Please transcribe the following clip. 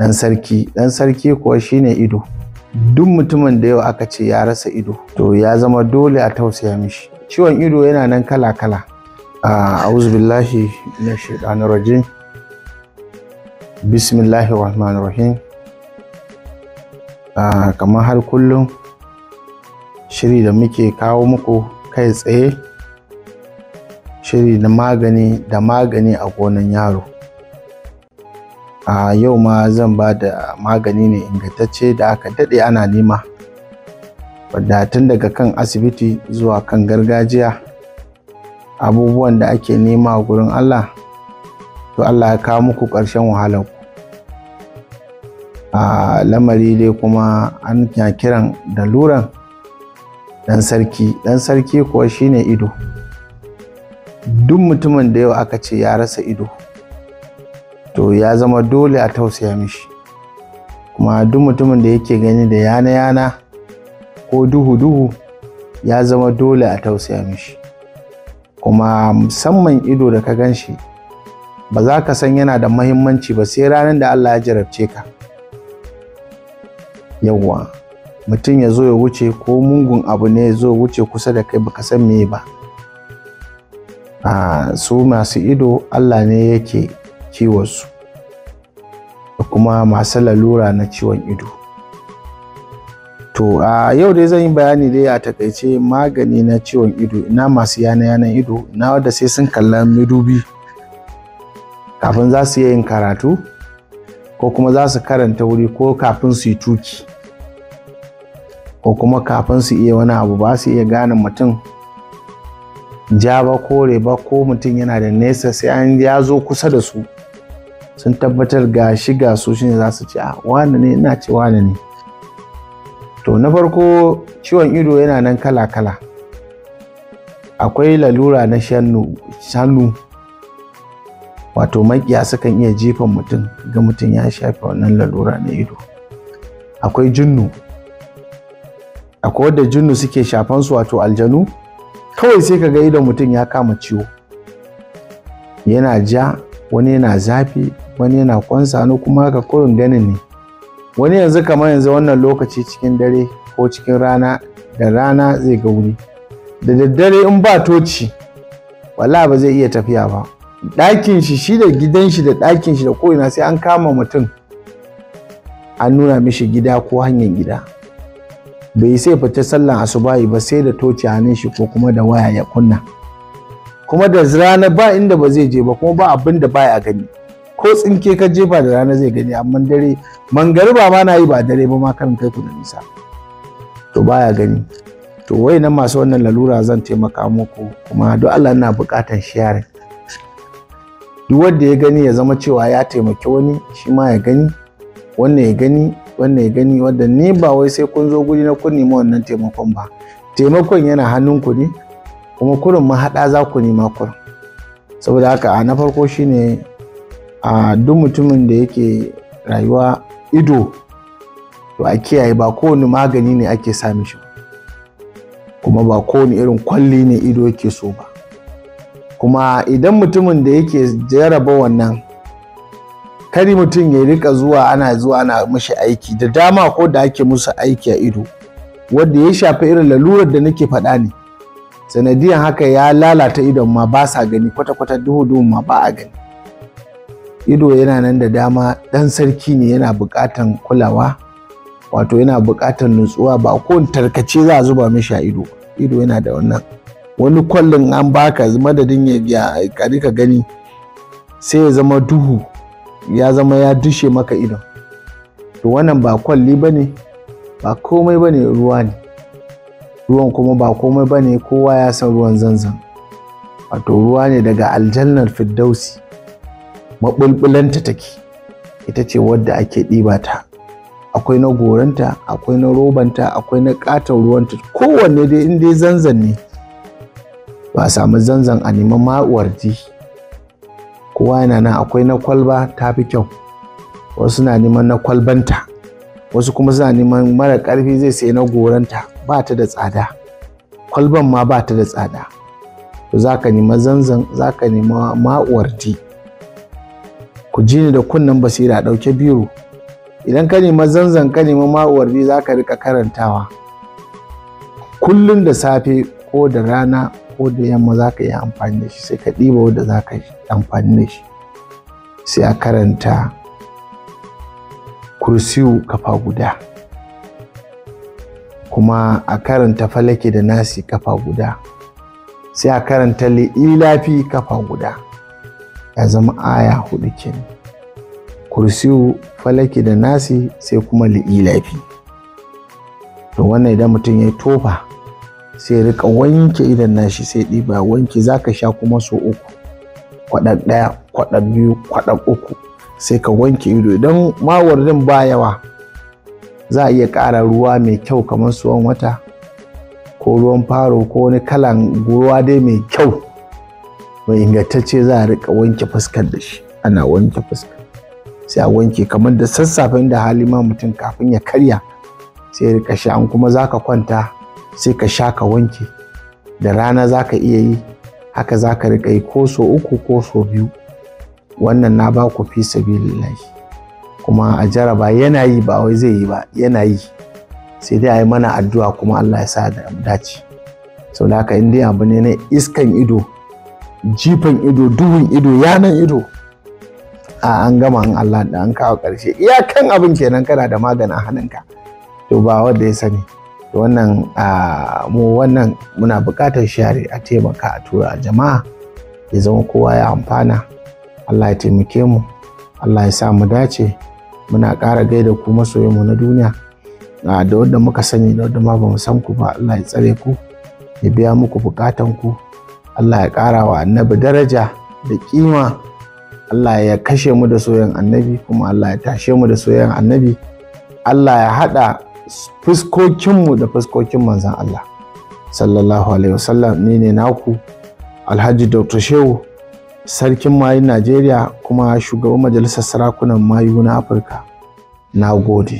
ɗan sarki ɗan sarki kuwa shine ido duk mutumin da yau aka ce ya rasa ido to ya zama dole a tausaya mishi ciwon ido yana nan kala-kala a billahi na shaitanir rajin bismillahi rahman rahim kamar har kullum shiri da muke kawo muku kai tsaye shiri na magani da magani a gonan yaro a yau ma zan ba da magani ne ingantacce da aka daɗe ana nema wadda tun daga kan asibiti zuwa kan gargajiya abubuwan da ake nema a gurin allah to allah ya kawo muku ƙarshen wahalanku a lamari dai kuma an kiran da luran ɗan sarki ɗan sarki kuwa shine ido duk mutumin da yau aka ce ya rasa ido to ya zama dole a tausaya mishi kuma duk mutumin da yake gani da yana-yana ko duhu-duhu ya zama dole a tausaya mishi kuma musamman ido da ka gan shi ba za ka san yana da mahimmanci ba sai ranar da Allah ya jarabce ka yawwa mutum ya zo ya wuce ko mungun abu ne ya zo ya wuce kusa da kai baka san me ba a ah, su masu ido Allah ne yake su da kuma masu lalura na ciwon ido to a yau dai zan yi bayani dai a takaice magani na ciwon ido ina masu yana ido ina wadda sai sun kalla madubi kafin za su yin karatu ko kuma za su karanta wuri ko kafin su yi tuki ko kuma kafin su iya wani abu ba su iya gane mutum ja ba kore ba ko mutum yana da nesa sai an ya zo kusa da su sun tabbatar ga shi ga su shine za su ce a ah, wane ne ina ce wane ne to na farko ciwon ido yana nan kala-kala akwai lalura na shanu wato makiya sukan iya jefan mutum ga mutum ya shafe wannan lalura na ido akwai jinnu. akwai wadda junnu suke shafan su wato aljanu kawai sai ka ga idon mutum ya kama ciwo yana ja wani yana zafi wani yana kwansa na kuma haka kurin ganin ne wani yanzu kamar yanzu wannan lokaci cikin dare ko cikin rana da rana zai ga wuri da daddare in ba toci wala ba zai iya tafiya ba ɗakin shi shi da gidan shi da ɗakin shi da ko'ina sai an kama mutum an nuna mishi gida ko hanyar gida bai sai fita sallan asubahi ba sai da toci hannun shi ko kuma da waya ya kunna kuma da rana ba inda ba zai je ba kuma ba abin da baya gani ko tsinke ka jefa da rana zai gani amma dare Garba ma na yi ba dare ba ma kan kai ku da nisa to baya gani to wai nan masu wannan lalura zan taimaka muku kuma duk Allah ina buƙatar sharing duk wanda ya gani ya zama cewa ya taimaki wani shi ma ya gani wannan ya gani wannan ya gani wanda ni ba wai sai kun zo guri na kun nemi wannan taimakon ba taimakon yana hannunku ne kuma kurin mahaɗa za ku nema kurin saboda haka a na farko shine a duk mutumin da yake rayuwa ido to a kiyaye ba kowane magani ne ake sa mishi kuma ba kowane irin kwalli ne ido yake so ba kuma idan mutumin da yake jaraba wannan kari mutum ya rika zuwa ana zuwa ana mashi aiki da dama ko da ake musu aiki a ido wanda ya shafi irin lalurar da nake faɗa ne sanadiyan haka ya lalata idon ma ba sa gani kwata-kwata duhu duhu ma ba a gani ido yana nan da dama ɗan sarki ne yana buƙatan kulawa wato yana buƙatan nutsuwa ba ko tarkace za a zuba mishi a ido ido yana da wannan wani kwallon an baka madadin ya ka gani sai ya zama duhu ya zama ya dushe maka idon to wannan ba kwalli ba ba komai ba ruwa ne ruwan kuma ba komai ba kowa ya san ruwan zanzan wato ruwa ne daga aljannar firdausi maɓulɓulanta take ita ce wadda ake ɗiba ta akwai na goranta akwai na robanta akwai na ƙaton ruwanta kowanne dai in dai zanzan ne ba a samu zanzan a neman ma'uwar ji kowa yana nan akwai na kwalba ta fi kyau wasu na neman na kwalbanta wasu kuma suna neman mara ƙarfi zai sai na goranta ba ta da tsada kwalban ma ba ta da tsada to za ka nema zanzan za ka nema ma'uwar ji ku ji ni da kunnen basira ɗauke biro idan ka nema zanzan ka nema ma'uwar biyu za ka rika karantawa kullum da safe ko da rana ko da yamma za ka yi amfani da shi sai ka ɗiba wadda za ka yi amfani da shi sai a karanta kursiyu kafa guda kuma a karanta falake da nasi kafa guda sai a karanta li'ilafi kafa guda ya zama aya hudu kenan kursiyu falaki da nasi sai kuma li'ilafi to wannan idan mutum ya yi tofa sai rika wanke idan nashi sai ɗiba wanke ka sha kuma so uku kwaɗa ɗaya kwaɗa biyu kwaɗa uku sai ka wanke ido idan mawarin ba yawa za a iya ƙara ruwa mai kyau kamar suwan wata ko ruwan faro ko wani kalan ruwa dai mai kyau mai ingantacce za a rika wanke fuskar da shi ana wanke fuska sai a wanke kamar da sassafen da hali ma mutum kafin ya karya sai ya rika sha an kuma za ka kwanta sai ka sha ka wanke da rana za ka iya yi haka za ka rika yi ko so uku ko so biyu wannan na ba ku fi sabilillahi kuma a jaraba yana yi ba wai zai yi ba yana yi sai dai a yi mana addu'a kuma Allah ya sa da dace sau da haka in dai abu ne na iskan ido jifan ido duhun ido yanan ido a an gama an Allah da an kawo ƙarshe iyakan abin kenan kana da maganin a hannunka to ba wanda ya sani to wannan mu wannan muna buƙatar share a taimaka a tura jama'a ya zama kowa ya amfana Allah ya taimake mu Allah ya sa mu dace muna ƙara gaida ku mu na duniya da wanda muka sani da wanda ba mu san ku ba Allah ya tsare ku ya biya muku bukatan ku Allah ya ƙara wa annabi daraja da ƙima Allah ya kashe mu da soyan annabi kuma Allah ya tashe mu da soyan annabi Allah ya haɗa fuskokinmu da fuskokin manzan Allah sallallahu alaihi wasallam ni ne naku alhaji dr shehu sarkin mayun najeriya kuma shugaban majalisar sarakunan mayu na afirka na gode